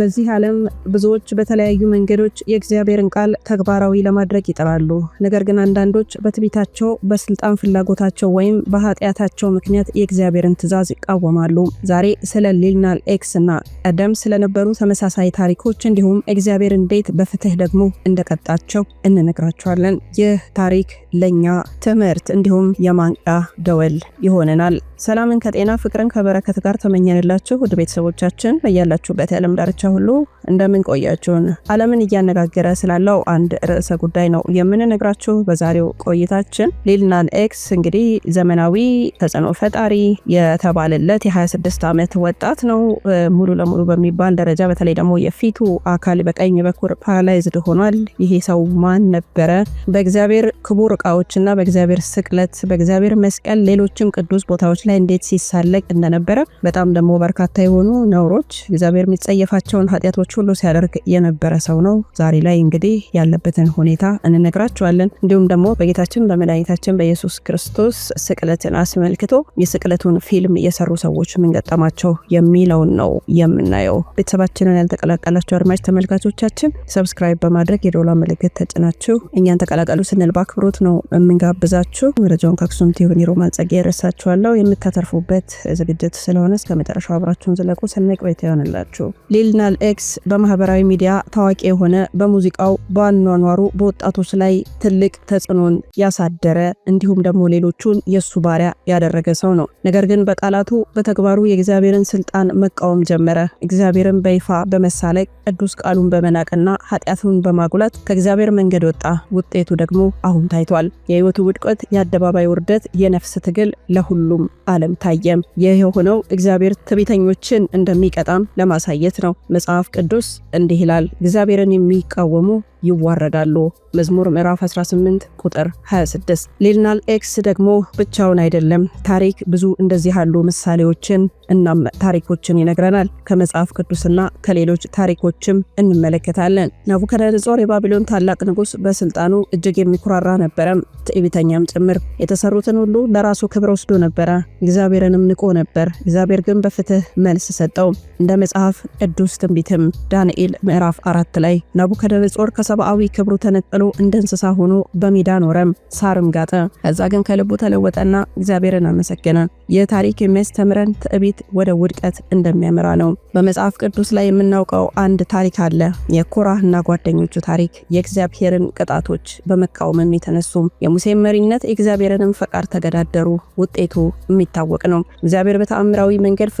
በዚህ ዓለም ብዙዎች በተለያዩ መንገዶች የእግዚአብሔርን ቃል ተግባራዊ ለማድረግ ይጥራሉ። ነገር ግን አንዳንዶች በትቢታቸው፣ በስልጣን ፍላጎታቸው ወይም በኃጢአታቸው ምክንያት የእግዚአብሔርን ትእዛዝ ይቃወማሉ። ዛሬ ስለ ሊልናል ኤክስ እና ቀደም ስለነበሩ ተመሳሳይ ታሪኮች እንዲሁም እግዚአብሔር እንዴት በፍትህ ደግሞ እንደቀጣቸው እንነግራቸዋለን። ይህ ታሪክ ለእኛ ትምህርት እንዲሁም የማንቂያ ደወል ይሆነናል። ሰላምን ከጤና ፍቅርን ከበረከት ጋር ተመኘንላችሁ ውድ ቤተሰቦቻችን በያላችሁበት የዓለም ዳርቻ ሁሉ እንደምን ቆያችሁን? ዓለምን እያነጋገረ ስላለው አንድ ርዕሰ ጉዳይ ነው የምንነግራችሁ በዛሬው ቆይታችን። ሊልናን ኤክስ እንግዲህ ዘመናዊ ተጽዕኖ ፈጣሪ የተባለለት የ26 ዓመት ወጣት ነው ሙሉ ለሙሉ በሚባል ደረጃ በተለይ ደግሞ የፊቱ አካል በቀኝ በኩል ፓራላይዝድ ሆኗል። ይሄ ሰው ማን ነበረ? በእግዚአብሔር ክቡር ዕቃዎችና በእግዚአብሔር ስቅለት በእግዚአብሔር መስቀል ሌሎችም ቅዱስ ቦታዎች ላይ እንዴት ሲሳለቅ እንደነበረ በጣም ደግሞ በርካታ የሆኑ ነውሮች እግዚአብሔር የሚጸየፋቸውን ኃጢአቶች ሁሉ ሲያደርግ የነበረ ሰው ነው። ዛሬ ላይ እንግዲህ ያለበትን ሁኔታ እንነግራችኋለን። እንዲሁም ደግሞ በጌታችን በመድኃኒታችን በኢየሱስ ክርስቶስ ስቅለትን አስመልክቶ የስቅለቱን ፊልም እየሰሩ ሰዎች ምን ገጠማቸው የሚለውን ነው የምናየው። ቤተሰባችንን ያልተቀላቀላቸው አድማጭ ተመልካቾቻችን ሰብስክራይብ በማድረግ የዶላ ምልክት ተጭናችሁ እኛን ተቀላቀሉ ስንል በአክብሮት ነው ነው የምንጋብዛችሁ። መረጃውን ከአክሱም ቲዩብ ሮማን ጸጋ ያደረሳችኋለሁ። የምታተርፉበት ዝግጅት ስለሆነ እስከ መጨረሻው አብራችሁን ዝለቁ። ሰናይ ቆይታ ይሆንላችሁ። ሊል ኤክስ በማህበራዊ ሚዲያ ታዋቂ የሆነ በሙዚቃው በአኗኗሩ በወጣቶች ላይ ትልቅ ተጽዕኖን ያሳደረ እንዲሁም ደግሞ ሌሎቹን የእሱ ባሪያ ያደረገ ሰው ነው። ነገር ግን በቃላቱ በተግባሩ የእግዚአብሔርን ስልጣን መቃወም ጀመረ። እግዚአብሔርን በይፋ በመሳለቅ ቅዱስ ቃሉን በመናቅና ኃጢአቱን በማጉላት ከእግዚአብሔር መንገድ ወጣ። ውጤቱ ደግሞ አሁን ታይቷል። ተሰምቷል። የህይወቱ ውድቀት፣ የአደባባይ ውርደት፣ የነፍስ ትግል ለሁሉም ዓለም ታየም። ይህ የሆነው እግዚአብሔር ትዕቢተኞችን እንደሚቀጣም ለማሳየት ነው። መጽሐፍ ቅዱስ እንዲህ ይላል፣ እግዚአብሔርን የሚቃወሙ ይዋረዳሉ። መዝሙር ምዕራፍ 18 ቁጥር 26። ሊልናል ኤክስ ደግሞ ብቻውን አይደለም። ታሪክ ብዙ እንደዚህ ያሉ ምሳሌዎችን እናም ታሪኮችን ይነግረናል። ከመጽሐፍ ቅዱስና ከሌሎች ታሪኮችም እንመለከታለን። ናቡከደነጾር የባቢሎን ታላቅ ንጉስ በስልጣኑ እጅግ የሚኩራራ ነበረም፣ ትዕቢተኛም ጭምር። የተሰሩትን ሁሉ ለራሱ ክብር ወስዶ ነበረ፣ እግዚአብሔርንም ንቆ ነበር። እግዚአብሔር ግን በፍትህ መልስ ሰጠው። እንደ መጽሐፍ ቅዱስ ትንቢትም ዳንኤል ምዕራፍ አራት ላይ ናቡከደነጾር ከሰ ከሰብአዊ ክብሩ ተነጥሎ እንደ እንስሳ ሆኖ በሜዳ ኖረም፣ ሳርም ጋጠ። ከዛ ግን ከልቡ ተለወጠና እግዚአብሔርን አመሰገነ። ይህ ታሪክ የሚያስተምረን ትዕቢት ወደ ውድቀት እንደሚያመራ ነው። በመጽሐፍ ቅዱስ ላይ የምናውቀው አንድ ታሪክ አለ። የኮራህና ጓደኞቹ ታሪክ የእግዚአብሔርን ቅጣቶች በመቃወምም የተነሱ የሙሴን መሪነት የእግዚአብሔርንም ፈቃድ ተገዳደሩ። ውጤቱ የሚታወቅ ነው። እግዚአብሔር በተአምራዊ መንገድ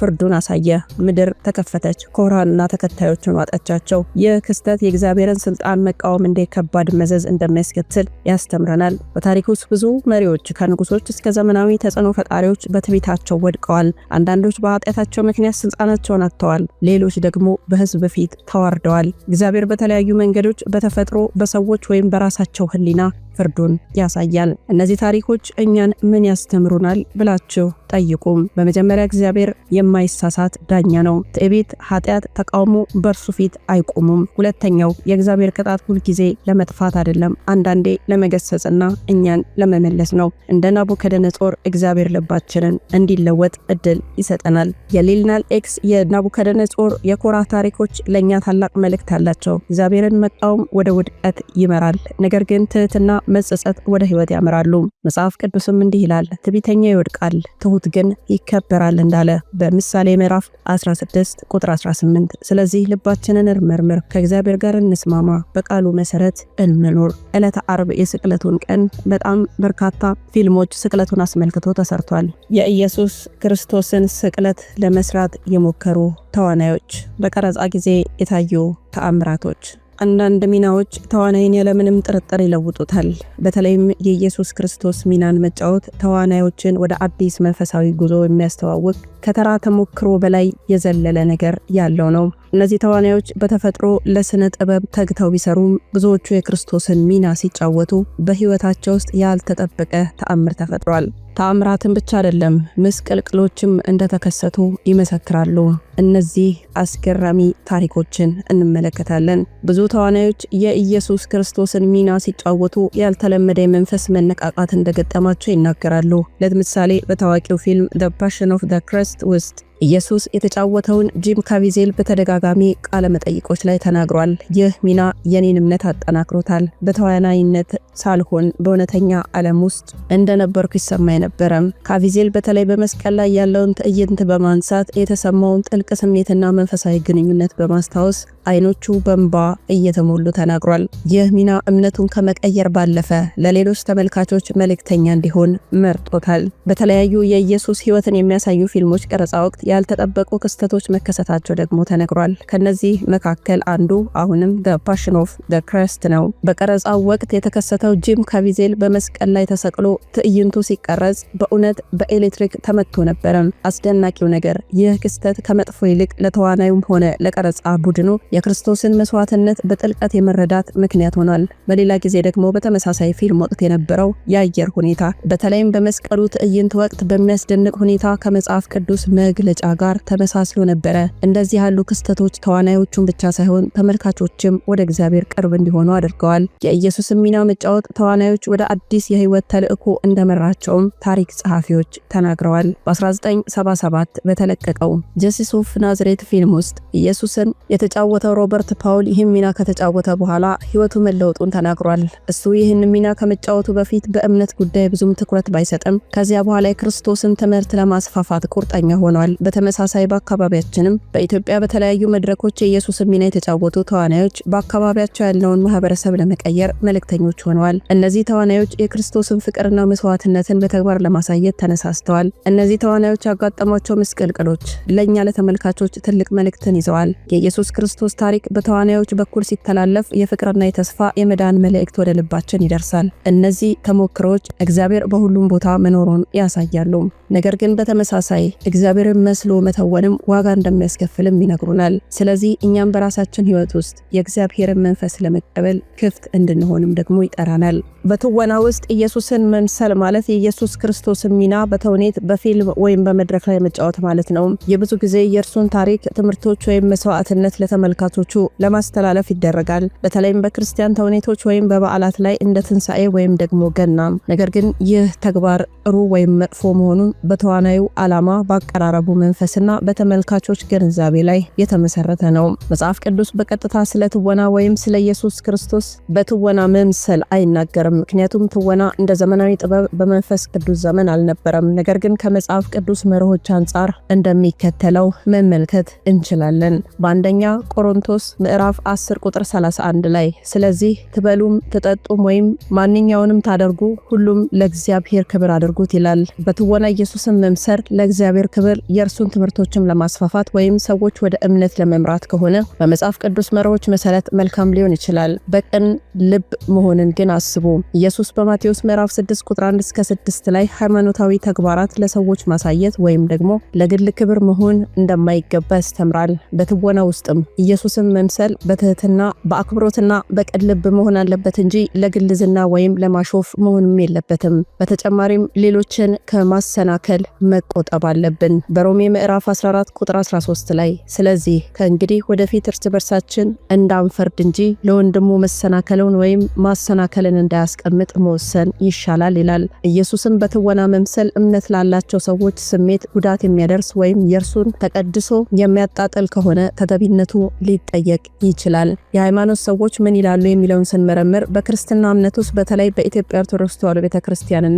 ፍርዱን አሳየ። ምድር ተከፈተች፣ ኮራህና ተከታዮቹን ዋጠቻቸው። ይህ ክስተት የእግዚአብሔርን ስልጣ ስልጣን መቃወም እንዴ ከባድ መዘዝ እንደሚያስከትል ያስተምረናል። በታሪክ ውስጥ ብዙ መሪዎች ከንጉሶች እስከ ዘመናዊ ተጽዕኖ ፈጣሪዎች በትቤታቸው ወድቀዋል። አንዳንዶች በኃጢአታቸው ምክንያት ስልጣናቸውን አጥተዋል፣ ሌሎች ደግሞ በህዝብ ፊት ተዋርደዋል። እግዚአብሔር በተለያዩ መንገዶች በተፈጥሮ በሰዎች ወይም በራሳቸው ህሊና ፍርዱን ያሳያል። እነዚህ ታሪኮች እኛን ምን ያስተምሩናል ብላችሁ ጠይቁም። በመጀመሪያ እግዚአብሔር የማይሳሳት ዳኛ ነው። ትዕቢት፣ ኃጢአት፣ ተቃውሞ በእርሱ ፊት አይቆሙም። ሁለተኛው የእግዚአብሔር ቅጣት ሁልጊዜ ለመጥፋት አይደለም፣ አንዳንዴ ለመገሰጽና እኛን ለመመለስ ነው። እንደ ናቡከደነጾር እግዚአብሔር ልባችንን እንዲለወጥ እድል ይሰጠናል። የሊልናል ኤክስ የናቡከደነጾር የኮራ ታሪኮች ለእኛ ታላቅ መልእክት አላቸው። እግዚአብሔርን መቃወም ወደ ውድቀት ይመራል፣ ነገር ግን ትህትና መጸጸት ወደ ህይወት ያመራሉ። መጽሐፍ ቅዱስም እንዲህ ይላል፣ ትዕቢተኛ ይወድቃል፣ ትሑት ግን ይከበራል እንዳለ በምሳሌ ምዕራፍ 16 ቁጥር 18። ስለዚህ ልባችንን እርምርምር፣ ከእግዚአብሔር ጋር እንስማማ፣ በቃሉ መሰረት እንኖር። ዕለተ አርብ የስቅለቱን ቀን በጣም በርካታ ፊልሞች ስቅለቱን አስመልክቶ ተሰርቷል። የኢየሱስ ክርስቶስን ስቅለት ለመስራት የሞከሩ ተዋናዮች፣ በቀረጻ ጊዜ የታዩ ተአምራቶች አንዳንድ ሚናዎች ተዋናይን ያለምንም ጥርጥር ይለውጡታል። በተለይም የኢየሱስ ክርስቶስ ሚናን መጫወት ተዋናዮችን ወደ አዲስ መንፈሳዊ ጉዞ የሚያስተዋውቅ ከተራ ተሞክሮ በላይ የዘለለ ነገር ያለው ነው። እነዚህ ተዋናዮች በተፈጥሮ ለስነ ጥበብ ተግተው ቢሰሩም ብዙዎቹ የክርስቶስን ሚና ሲጫወቱ በሕይወታቸው ውስጥ ያልተጠበቀ ተአምር ተፈጥሯል። ተአምራትን ብቻ አይደለም ምስቅልቅሎችም እንደተከሰቱ ይመሰክራሉ። እነዚህ አስገራሚ ታሪኮችን እንመለከታለን። ብዙ ተዋናዮች የኢየሱስ ክርስቶስን ሚና ሲጫወቱ ያልተለመደ የመንፈስ መነቃቃት እንደገጠማቸው ይናገራሉ። ለምሳሌ በታዋቂው ፊልም ዘ ፓሽን ኦፍ ዘ ክርስት ውስጥ ኢየሱስ የተጫወተውን ጂም ካቪዜል በተደጋጋሚ ቃለ መጠይቆች ላይ ተናግሯል። ይህ ሚና የኔን እምነት አጠናክሮታል። በተዋናይነት ሳልሆን በእውነተኛ ዓለም ውስጥ እንደነበርኩ ይሰማ የነበረም። ካቪዜል በተለይ በመስቀል ላይ ያለውን ትዕይንት በማንሳት የተሰማውን ጥልቅ ስሜትና መንፈሳዊ ግንኙነት በማስታወስ አይኖቹ በእንባ እየተሞሉ ተናግሯል። ይህ ሚና እምነቱን ከመቀየር ባለፈ ለሌሎች ተመልካቾች መልእክተኛ እንዲሆን መርጦታል። በተለያዩ የኢየሱስ ሕይወትን የሚያሳዩ ፊልሞች ቀረጻ ወቅት ያልተጠበቁ ክስተቶች መከሰታቸው ደግሞ ተነግሯል። ከነዚህ መካከል አንዱ አሁንም ደ ፓሽን ኦፍ ደ ክረስት ነው። በቀረጻው ወቅት የተከሰተው ጂም ካቪዜል በመስቀል ላይ ተሰቅሎ ትዕይንቱ ሲቀረጽ በእውነት በኤሌክትሪክ ተመቶ ነበረም። አስደናቂው ነገር ይህ ክስተት ከመጥፎ ይልቅ ለተዋናዩም ሆነ ለቀረጻ ቡድኑ የክርስቶስን መስዋዕትነት በጥልቀት የመረዳት ምክንያት ሆኗል። በሌላ ጊዜ ደግሞ በተመሳሳይ ፊልም ወቅት የነበረው የአየር ሁኔታ በተለይም በመስቀሉ ትዕይንት ወቅት በሚያስደንቅ ሁኔታ ከመጽሐፍ ቅዱስ መግለጫ ጋር ተመሳስሎ ነበረ። እንደዚህ ያሉ ክስተቶች ተዋናዮቹን ብቻ ሳይሆን ተመልካቾችም ወደ እግዚአብሔር ቅርብ እንዲሆኑ አድርገዋል። የኢየሱስ ሚና መጫወት ተዋናዮች ወደ አዲስ የህይወት ተልእኮ እንደመራቸውም ታሪክ ጸሐፊዎች ተናግረዋል። በ1977 በተለቀቀው ጀሲስ ኦፍ ናዝሬት ፊልም ውስጥ ኢየሱስን የተጫወ የተጫወተው ሮበርት ፓውል ይህን ሚና ከተጫወተ በኋላ ህይወቱ መለወጡን ተናግሯል። እሱ ይህን ሚና ከመጫወቱ በፊት በእምነት ጉዳይ ብዙም ትኩረት ባይሰጥም ከዚያ በኋላ የክርስቶስን ትምህርት ለማስፋፋት ቁርጠኛ ሆኗል። በተመሳሳይ በአካባቢያችንም በኢትዮጵያ በተለያዩ መድረኮች የኢየሱስን ሚና የተጫወቱ ተዋናዮች በአካባቢያቸው ያለውን ማህበረሰብ ለመቀየር መልእክተኞች ሆነዋል። እነዚህ ተዋናዮች የክርስቶስን ፍቅርና መስዋዕትነትን በተግባር ለማሳየት ተነሳስተዋል። እነዚህ ተዋናዮች ያጋጠሟቸው ምስቅልቅሎች ለእኛ ለተመልካቾች ትልቅ መልእክትን ይዘዋል። የኢየሱስ ክርስቶስ ቅዱስ ታሪክ በተዋናዮች በኩል ሲተላለፍ የፍቅርና የተስፋ የመዳን መልእክት ወደ ልባችን ይደርሳል። እነዚህ ተሞክሮዎች እግዚአብሔር በሁሉም ቦታ መኖሩን ያሳያሉ። ነገር ግን በተመሳሳይ እግዚአብሔርን መስሎ መተወንም ዋጋ እንደሚያስከፍልም ይነግሩናል። ስለዚህ እኛም በራሳችን ሕይወት ውስጥ የእግዚአብሔርን መንፈስ ለመቀበል ክፍት እንድንሆንም ደግሞ ይጠራናል። በትወና ውስጥ ኢየሱስን መምሰል ማለት የኢየሱስ ክርስቶስን ሚና በተውኔት በፊልም ወይም በመድረክ ላይ መጫወት ማለት ነው። የብዙ ጊዜ የእርሱን ታሪክ ትምህርቶች ወይም መስዋዕትነት ለተመልካ ለተመልካቾቹ ለማስተላለፍ ይደረጋል። በተለይም በክርስቲያን ተውኔቶች ወይም በበዓላት ላይ እንደ ትንሣኤ ወይም ደግሞ ገና። ነገር ግን ይህ ተግባር ጥሩ ወይም መጥፎ መሆኑን በተዋናዩ ዓላማ፣ በአቀራረቡ መንፈስና በተመልካቾች ግንዛቤ ላይ የተመሰረተ ነው። መጽሐፍ ቅዱስ በቀጥታ ስለ ትወና ወይም ስለ ኢየሱስ ክርስቶስ በትወና መምሰል አይናገርም። ምክንያቱም ትወና እንደ ዘመናዊ ጥበብ በመንፈስ ቅዱስ ዘመን አልነበረም። ነገር ግን ከመጽሐፍ ቅዱስ መርሆች አንጻር እንደሚከተለው መመልከት እንችላለን። በአንደኛ ቆሮ ቆሮንቶስ ምዕራፍ 10 ቁጥር 31 ላይ ስለዚህ ትበሉም ትጠጡም ወይም ማንኛውንም ታደርጉ ሁሉም ለእግዚአብሔር ክብር አድርጉት ይላል። በትወና ኢየሱስን መምሰር ለእግዚአብሔር ክብር የእርሱን ትምህርቶችም ለማስፋፋት ወይም ሰዎች ወደ እምነት ለመምራት ከሆነ በመጽሐፍ ቅዱስ መርሆች መሰረት መልካም ሊሆን ይችላል። በቅን ልብ መሆንን ግን አስቡ። ኢየሱስ በማቴዎስ ምዕራፍ 6 ቁጥር 1 እስከ 6 ላይ ሃይማኖታዊ ተግባራት ለሰዎች ማሳየት ወይም ደግሞ ለግል ክብር መሆን እንደማይገባ ያስተምራል። በትወና ውስጥም ኢየሱስ ኢየሱስን መምሰል በትህትና በአክብሮትና በቅን ልብ መሆን አለበት እንጂ ለግልዝና ወይም ለማሾፍ መሆንም የለበትም። በተጨማሪም ሌሎችን ከማሰናከል መቆጠብ አለብን። በሮሜ ምዕራፍ 14 ቁጥር 13 ላይ ስለዚህ ከእንግዲህ ወደፊት እርስ በርሳችን እንዳንፈርድ እንጂ ለወንድሙ መሰናከለውን ወይም ማሰናከልን እንዳያስቀምጥ መወሰን ይሻላል ይላል። ኢየሱስን በትወና መምሰል እምነት ላላቸው ሰዎች ስሜት ጉዳት የሚያደርስ ወይም የእርሱን ተቀድሶ የሚያጣጥል ከሆነ ተገቢነቱ ሊጠየቅ ይችላል። የሃይማኖት ሰዎች ምን ይላሉ የሚለውን ስንመረምር በክርስትና እምነት ውስጥ በተለይ በኢትዮጵያ ኦርቶዶክስ ተዋሕዶ ቤተ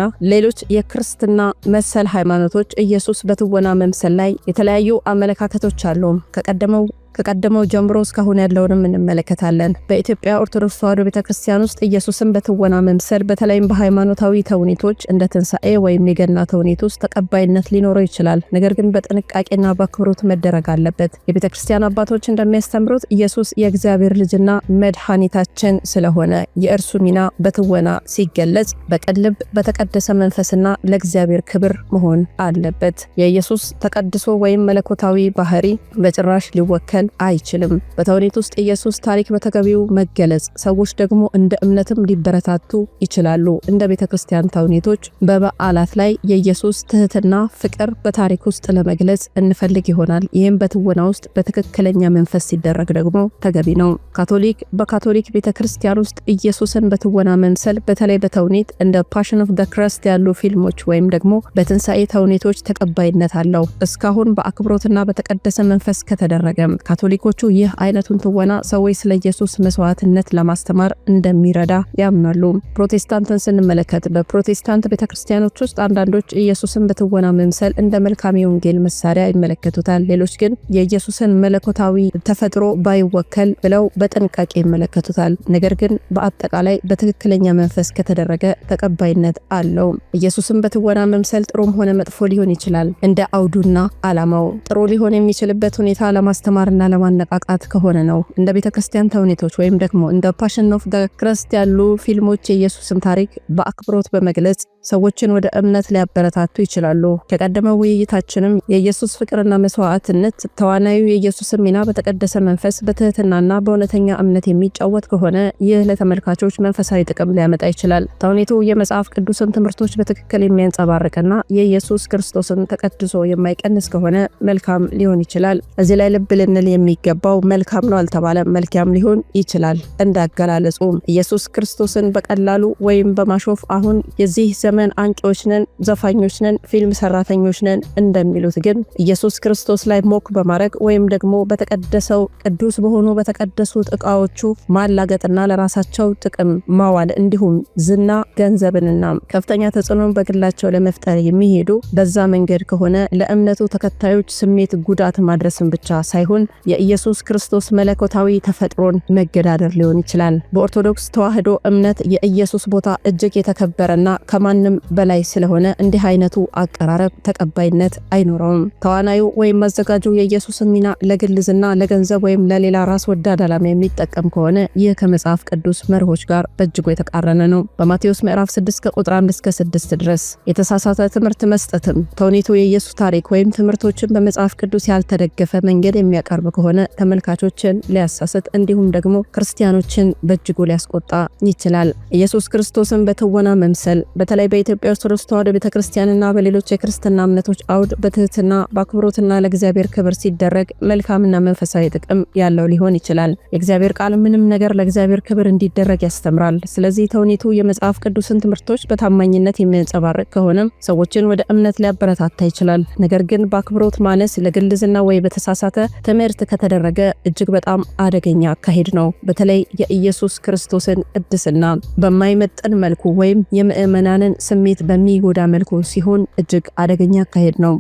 ና ሌሎች የክርስትና መሰል ሃይማኖቶች ኢየሱስ በትወና መምሰል ላይ የተለያዩ አመለካከቶች አሉ። ከቀደመው ከቀደመው ጀምሮ እስካሁን ያለውንም እንመለከታለን። በኢትዮጵያ ኦርቶዶክስ ተዋህዶ ቤተ ክርስቲያን ውስጥ ኢየሱስን በትወና መምሰል በተለይም በሃይማኖታዊ ተውኔቶች እንደ ትንሣኤ ወይም የገና ተውኔት ውስጥ ተቀባይነት ሊኖረው ይችላል። ነገር ግን በጥንቃቄና በአክብሮት መደረግ አለበት። የቤተ ክርስቲያን አባቶች እንደሚያስተምሩት ኢየሱስ የእግዚአብሔር ልጅና መድኃኒታችን ስለሆነ የእርሱ ሚና በትወና ሲገለጽ በቅልብ በተቀደሰ መንፈስና ለእግዚአብሔር ክብር መሆን አለበት። የኢየሱስ ተቀድሶ ወይም መለኮታዊ ባህሪ በጭራሽ ሊወከል ሊከለከል አይችልም። በተውኔት ውስጥ ኢየሱስ ታሪክ በተገቢው መገለጽ፣ ሰዎች ደግሞ እንደ እምነትም ሊበረታቱ ይችላሉ። እንደ ቤተ ክርስቲያን ተውኔቶች በበዓላት ላይ የኢየሱስ ትህትና፣ ፍቅር በታሪክ ውስጥ ለመግለጽ እንፈልግ ይሆናል። ይህም በትወና ውስጥ በትክክለኛ መንፈስ ሲደረግ ደግሞ ተገቢ ነው። ካቶሊክ በካቶሊክ ቤተ ክርስቲያን ውስጥ ኢየሱስን በትወና መምሰል በተለይ በተውኔት እንደ ፓሽን ኦፍ ደ ክረስት ያሉ ፊልሞች ወይም ደግሞ በትንሣኤ ተውኔቶች ተቀባይነት አለው እስካሁን በአክብሮትና በተቀደሰ መንፈስ ከተደረገም ካቶሊኮቹ ይህ አይነቱን ትወና ሰዎች ስለ ኢየሱስ መስዋዕትነት ለማስተማር እንደሚረዳ ያምናሉ። ፕሮቴስታንትን ስንመለከት በፕሮቴስታንት ቤተ ክርስቲያኖች ውስጥ አንዳንዶች ኢየሱስን በትወና መምሰል እንደ መልካም የወንጌል መሳሪያ ይመለከቱታል። ሌሎች ግን የኢየሱስን መለኮታዊ ተፈጥሮ ባይወከል ብለው በጥንቃቄ ይመለከቱታል። ነገር ግን በአጠቃላይ በትክክለኛ መንፈስ ከተደረገ ተቀባይነት አለው። ኢየሱስን በትወና መምሰል ጥሩም ሆነ መጥፎ ሊሆን ይችላል፣ እንደ አውዱና አላማው። ጥሩ ሊሆን የሚችልበት ሁኔታ ለማስተማርና ለማነቃቃት ከሆነ ነው። እንደ ቤተ ክርስቲያን ተውኔቶች ወይም ደግሞ እንደ ፓሽን ኦፍ ደ ክረስት ያሉ ፊልሞች የኢየሱስን ታሪክ በአክብሮት በመግለጽ ሰዎችን ወደ እምነት ሊያበረታቱ ይችላሉ። ከቀደመው ውይይታችንም የኢየሱስ ፍቅርና መስዋዕትነት ተዋናዩ የኢየሱስን ሚና በተቀደሰ መንፈስ በትህትናና በእውነተኛ እምነት የሚጫወት ከሆነ ይህ ለተመልካቾች መንፈሳዊ ጥቅም ሊያመጣ ይችላል። ተውኔቱ የመጽሐፍ ቅዱስን ትምህርቶች በትክክል የሚያንጸባርቅና የኢየሱስ ክርስቶስን ተቀድሶ የማይቀንስ ከሆነ መልካም ሊሆን ይችላል። እዚህ ላይ ልብ ልንል የሚገባው መልካም ነው አልተባለም፣ መልካም ሊሆን ይችላል እንዳገላለጹም ኢየሱስ ክርስቶስን በቀላሉ ወይም በማሾፍ አሁን የዚህ ዘመን አንቂዎች ነን፣ ዘፋኞች ነን፣ ፊልም ሰራተኞች ነን እንደሚሉት ግን ኢየሱስ ክርስቶስ ላይ ሞክ በማድረግ ወይም ደግሞ በተቀደሰው ቅዱስ በሆኑ በተቀደሱት እቃዎቹ ማላገጥና ለራሳቸው ጥቅም ማዋል እንዲሁም ዝና ገንዘብንና ከፍተኛ ተጽዕኖን በግላቸው ለመፍጠር የሚሄዱ በዛ መንገድ ከሆነ ለእምነቱ ተከታዮች ስሜት ጉዳት ማድረስን ብቻ ሳይሆን የኢየሱስ ክርስቶስ መለኮታዊ ተፈጥሮን መገዳደር ሊሆን ይችላል። በኦርቶዶክስ ተዋሕዶ እምነት የኢየሱስ ቦታ እጅግ የተከበረና ከማን ከማንም በላይ ስለሆነ እንዲህ አይነቱ አቀራረብ ተቀባይነት አይኖረውም። ተዋናዩ ወይም አዘጋጁ የኢየሱስን ሚና ለግልዝና ለገንዘብ ወይም ለሌላ ራስ ወዳድ ዓላማ የሚጠቀም ከሆነ ይህ ከመጽሐፍ ቅዱስ መርሆች ጋር በእጅጉ የተቃረነ ነው። በማቴዎስ ምዕራፍ 6 ከቁጥር 1 እስከ 6 ድረስ የተሳሳተ ትምህርት መስጠትም ተውኔቱ የኢየሱስ ታሪክ ወይም ትምህርቶችን በመጽሐፍ ቅዱስ ያልተደገፈ መንገድ የሚያቀርብ ከሆነ ተመልካቾችን ሊያሳስት እንዲሁም ደግሞ ክርስቲያኖችን በእጅጉ ሊያስቆጣ ይችላል። ኢየሱስ ክርስቶስን በትወና መምሰል በተለይ በኢትዮጵያ ኦርቶዶክስ ተዋሕዶ ቤተክርስቲያንና በሌሎች የክርስትና እምነቶች አውድ በትህትና በአክብሮትና ለእግዚአብሔር ክብር ሲደረግ መልካምና መንፈሳዊ ጥቅም ያለው ሊሆን ይችላል። የእግዚአብሔር ቃል ምንም ነገር ለእግዚአብሔር ክብር እንዲደረግ ያስተምራል። ስለዚህ ተውኔቱ የመጽሐፍ ቅዱስን ትምህርቶች በታማኝነት የሚያንጸባርቅ ከሆነም ሰዎችን ወደ እምነት ሊያበረታታ ይችላል። ነገር ግን በአክብሮት ማነስ፣ ለግልዝና ወይ በተሳሳተ ትምህርት ከተደረገ እጅግ በጣም አደገኛ አካሄድ ነው። በተለይ የኢየሱስ ክርስቶስን ቅድስና በማይመጠን መልኩ ወይም የምዕመናንን ስሜት በሚጎዳ መልኩ ሲሆን እጅግ አደገኛ አካሄድ ነው።